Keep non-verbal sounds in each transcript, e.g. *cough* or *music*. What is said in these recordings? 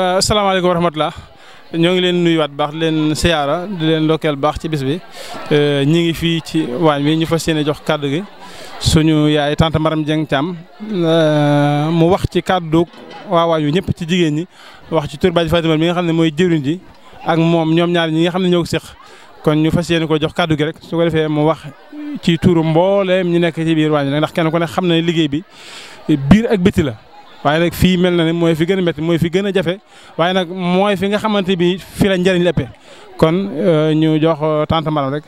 Euh, asalaamaaleykum wa rahmatulah ñoo ngi leen nuyuwaat baax leen siyaara di leen ndokkeel baax ci bis bi euh, ñi ngi fii ci waañ bi ñu fas yéene jox kàddu gi suñu yaay tante Maram Dieng euh, mu wax ci kàddu waa waañ wi ci jigéen ñi wax ci tur Baaji Fatima mi nga xam ne mooy jëriñ ji ak moom ñoom ñaar ñi nga xam ne ñoo ko kon ñu fas yéene ko jox kàddu gi rek su ko defee mu wax ci tuuru mbooleem ñu nekk ci biir waañ bi ndax kenn ko ne xam na liggéey bi biir ak biti la. waaye nag fii mel na ne mooy fi gën a mooy fi gën a jafe waaye nag mooy fi nga xamante bi fi la njëriñ kon euh, ñu jox euh, tante Maram rek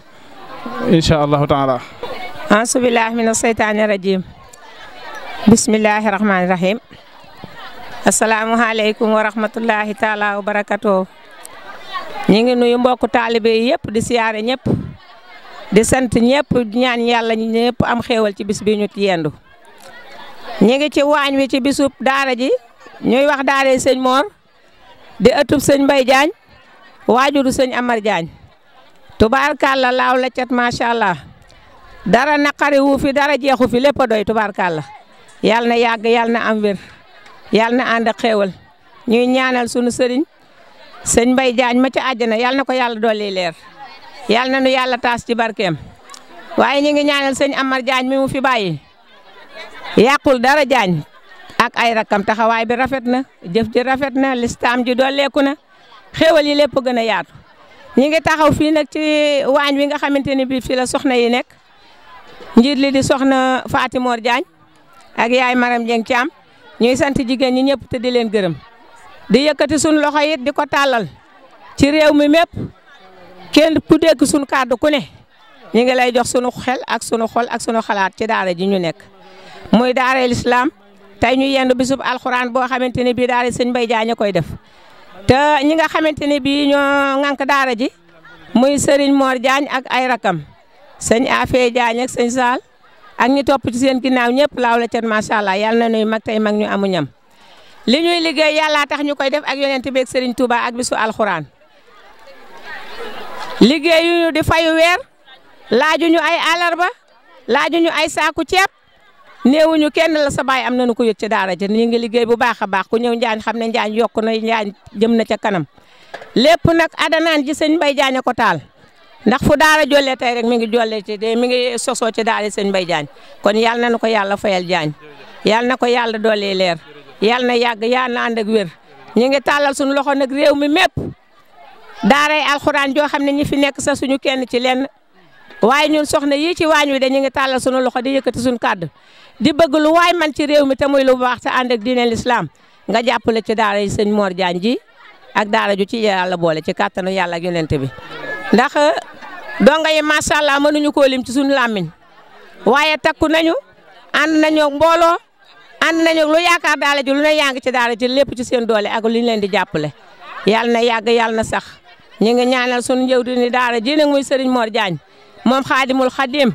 incha allahu taala. asubillahi mina seytaani rajim bismillahi rahmaani rahim asalaamualeykum wa rahmatullahi taala wa barakatuh ngi nuyu mbokku taalibe yëpp di siyaare ñëpp di sant ñëpp ñaan yàlla ñëpp am xéewal ci bis bi ñu yendu ñu ngi ci waañ wi ci bisub daara ji ñuy wax daaree sëñ Mor di ëttub sëñ Mbay Jaañ waajuru sëñ Amar Jaañ tubaarkàlla laaw la cat macha allah dara naqari wu dara jeexu fi lépp doy tubaarkàlla yàlla na yàgg yàlla na am wér yàlla na ànd ak xéewal ñaanal sunu sëriñ sëñ Mbay Jaañ ma ci àjjana yàlla na ko yàlla dolli leer yàlla na nu yàlla taas ci barkeem waaye ñu ngi ñaanal sëñ Amar Jaañ mi mu fi bàyyi. yàqul dara jaañ ak ay rakkam taxawaay bi rafet na jëf ji rafet na listaam ji dolleeku na xéewal yi lépp gën a yaatu ñi ngi taxaw fii nag ci waañ wi nga xamante ni bii fii la soxna yi nekk njiit li di soxna faatimoor Diagne ak yaay Maram Dieng Thiam ñuy sant jigéen ñi ñëpp te di leen gërëm di yëkkati suñu loxo yit di ko tàllal ci réew mi mépp kenn ku dégg suñu kàddu ku ne ñu ngi lay jox sunu xel ak sunu xol ak sunu xalaat ci daara ji ñu nekk muy daara islam tay ñu yendu bisub alxuraan bo xamanteni bi bii daara sëñ Mbay koy def te ñi nga xamanteni bi ño ngank daara ji muy sëriñ mor Jaañ ak ay rakam seigne afé Jaañ ak seigne sal ak ñi top ci seen ginaaw ñepp laaw la cat machallah yalla na nuy mag tay mag ñu amu ñam li ñuy liggéey yalla tax ñu def ak yonent bi ak sëriñ Touba ak bisu alxuraan liggéey yu ñu di fayu wer laaju ñu ay alarba laaju ñu ay saaku ceeb. néewuñu kenn la sa baay am na nu ko yëg ci daara ja ñu ngi liggéey bu baax a baax ku ñëw njaañ xam ne njaañ yokku na njaañ jëm na ca kanam lépp nag adanaan ji sëñ Mbaye Diagne ko taal ndax fu daara jollee tey rek mi ngi jollee ci de mi ngi sosoo ci daara sëñ Mbaye Diagne kon yal na ko yàlla fayal Diagne yal na ko yàlla dolli leer yal na yàgg yal na ànd ak wér ñu ngi tàllal suñu réew mi mépp daaray alxuraan joo xam ne fi nekk sa suñu kenn ci lenn waaye ñun soxna yii ci waañ wi dañu ngi tàllal sunu loxo di yëkkati suñu kàddu di bëgg lu waay man ci réew mi te muy lu baax te ànd ak diine lislaam nga jàppale ci daara yi sëñ moor Diagne ji ak daara ju ci yàlla boole ci kàttanu yàlla ak yonent bi ndax donga yi macha allah mënuñu koo lim ci suñu làmmiñ waaye takku nañu ànd nañoo mbooloo ànd nañu lu yaakaar daara ji lu ne yaa ngi ci daala ji lépp ci seen doole ak li ñu leen di jàppale yàlla na yàgg yàlla na sax ñu ngi ñaanal sunu njëw di ni daara muy sëriñ Mor Diagne moom xaadimul xadim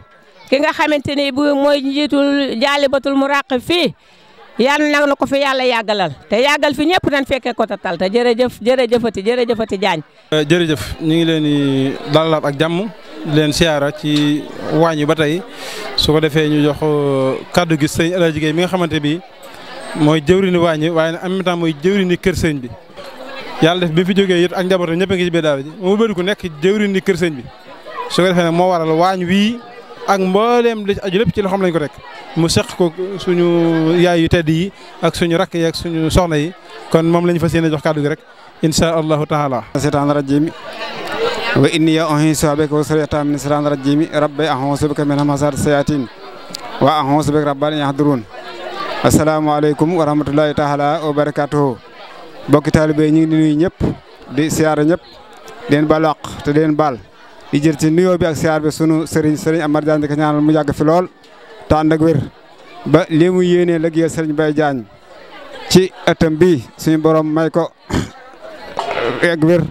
ki nga xamante ni bu mooy njiitul jaalibatul mu ràq fii yàlla nag na ko fi yàlla yàggalal te yàggal fi ñëpp nañ fekkee ko tatal te jërëjëf jërëjëfati jërëjëfati Diagne. jërëjëf ñu ngi leen di dalalaat ak jàmm leen siyaara ci waañ yi ba tey su ko defee ñu jox kàddu gi sëñ Alaaji Gaye mi nga xamante bi mooy jëwriñu waañ yi waaye en même temps mooy jëwriñu kër sëñ bi yàlla def bi fi jógee it ak njabootam ñëpp a ngi ci biir daara ji mu bëri ku nekk jëwriñu kër sëñ bi su ko defee nag moo waral waañ wii ak mbooleem li aju lépp ci loxoom lañ ko rek mu seq ko suñu yaay yu tedd yi ak suñu rakk yi ak suñu soxna yi kon moom lañ fas a jox kàddu gi rek insha allahu taala seetaan rajim wa inni ya uhiisuha bika wa suriyata min seetaan rajimi rabbi ahuusu bika min hamasaati sayaatin wa ahuusu bika rabban yahduruun asalaamaaleykum wa rahmatulahi taala wa barakatuhu bokki taalibe ñu ngi di nuyu ñëpp di siyaara ñëpp deen te deen baal di jël ci nuyoo bi ak siyaar bi sunu sëriñ sëriñ Amar Diagne di ko mu yàgg fi lool te ànd ak wér ba lii mu yéenee liggéeyal sëriñ Baye Diagne ci ëttam bi suñu borom may ko *coughs* ak wér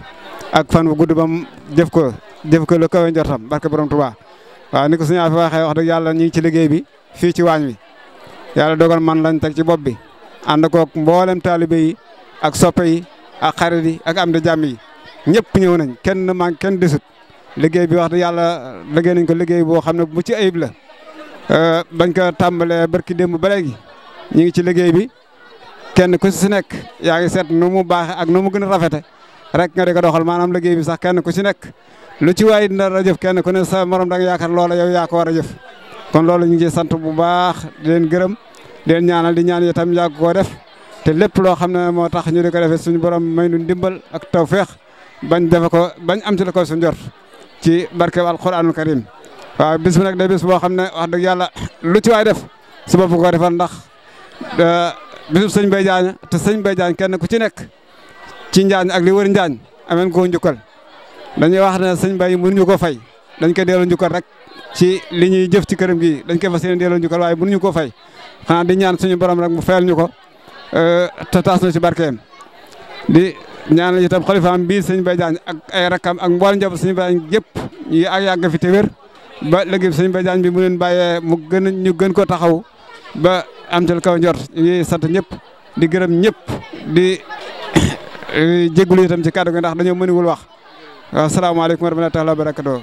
ak fan bu gudd ba mu jëf ko jëf ko lu kawe njortam barke borom Touba waaw ni ko suñu affaire waxee wax dëgg yàlla ñu ci liggéey bi fii ci waañ wi yàlla dogal man lañ teg ci bopp bi ànd koog mboolem taalibe yi ak soppe yi ak xarit yi ak am di jàmm yi ñëpp ñëw nañ kenn man kenn desut liggéey bi wax yàlla liggéey nañ ko liggéey boo xam ne bu ci ayib la euh, bañ ko tàmbalee barki démb ba léegi ñu ngi ci liggéey bi kenn ku si nekk yaa ngi seet nu mu baaxe ak nu mu gën a rafete rek nga di ko doxal maanaam liggéey bi sax kenn ku si nekk lu ci waay dina la jëf kenn ku ne sa morom da nga yaakaar loola yow yaa ko war a jëf kon loolu ñu ngi sant bu baax di leen gërëm di leen ñaanal di ñaan tam yàgg koo def te lépp loo xam ne moo tax ñu di ko defee suñu borom may nu ndimbal ak tawféex bañ defe ko bañ am ci la ko suñu ci barke alquranul karim waaw bis bi nag day boo xam ne wax dëgg yàlla lu ci waay def su bopp ko defal ndax eh, bisub sëñ Mbaye Diagne te sëñ Mbaye Diagne kenn ku ci nekk ci Njaañ ak li wër Njaañ ameen koo njukkal dañuy wax ne sëñ Mbaye mënuñu ko fay dañ koy delloo njukkal rek ci li ñuy jëf ci këram gi dañ koy fas yéene delloo njukkal waaye mënuñu ko fay xanaa di ñaan suñu borom rek mu fayal ñu ko eh, te taas na ci di ñaanal itam xalifaam bii sëñ Baye Diagne ak ay rakam ak mboolem njaboot sëñ Baye Diagne yëpp ñu ak yàgg fi te ba léegi sëñ Baye Diagne bi mu leen bàyyee mu gën ñu gën ko taxaw ba am tel kaw njort ñuy sant ñëpp di gërëm ñëpp di *coughs* jégalu itam ci kàddu gi ndax dañoo mënewul wax waaw salaamaaleykum wa rahmatulah wa barakatuh